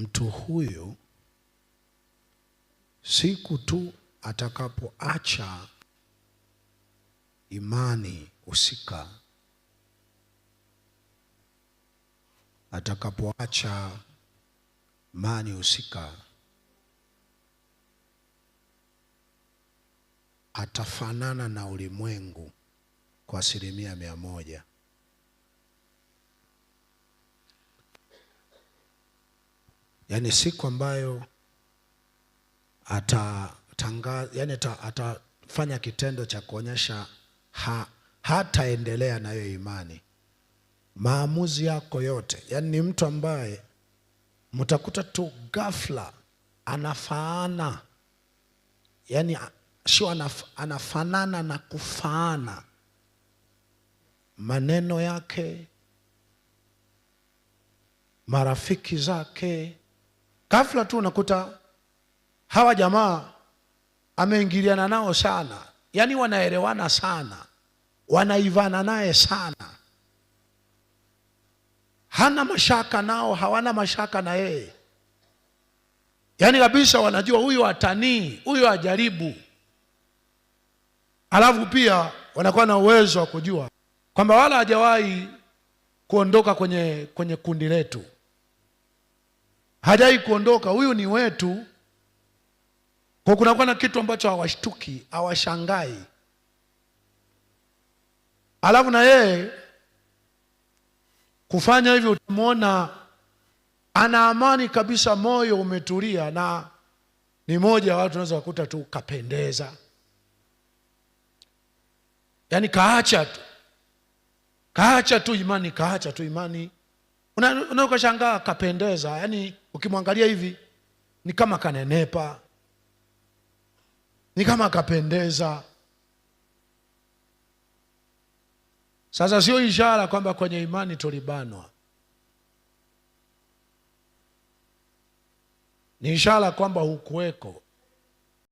mtu huyu siku tu atakapoacha imani husika, atakapoacha imani husika, atafanana na ulimwengu kwa asilimia mia moja. yani siku ambayo atatangaza, yani atafanya kitendo cha kuonyesha ha, hataendelea nayo imani. Maamuzi yako yote, yani ni mtu ambaye mtakuta tu ghafla anafaana, yani sio anaf, anafanana na kufaana maneno yake, marafiki zake Ghafla tu unakuta hawa jamaa ameingiliana nao sana, yaani wanaelewana sana, wanaivana naye sana, hana mashaka nao, hawana mashaka na yeye, yaani kabisa wanajua huyu atanii, huyu ajaribu. Alafu pia wanakuwa na uwezo wa kujua kwamba wala hajawahi kuondoka kwenye, kwenye kundi letu hajai kuondoka, huyu ni wetu. Kwa kunakuwa na kitu ambacho hawashtuki, hawashangai. Alafu na yeye kufanya hivyo, utamwona ana amani kabisa, moyo umetulia, na ni moja ya watu unaweza kukuta tu kapendeza, yaani kaacha tu kaacha tu imani, kaacha tu imani, unakashangaa una kapendeza, yaani ukimwangalia hivi ni kama kanenepa, ni kama kapendeza. Sasa sio ishara kwamba kwenye imani tulibanwa, ni ishara kwamba hukuweko.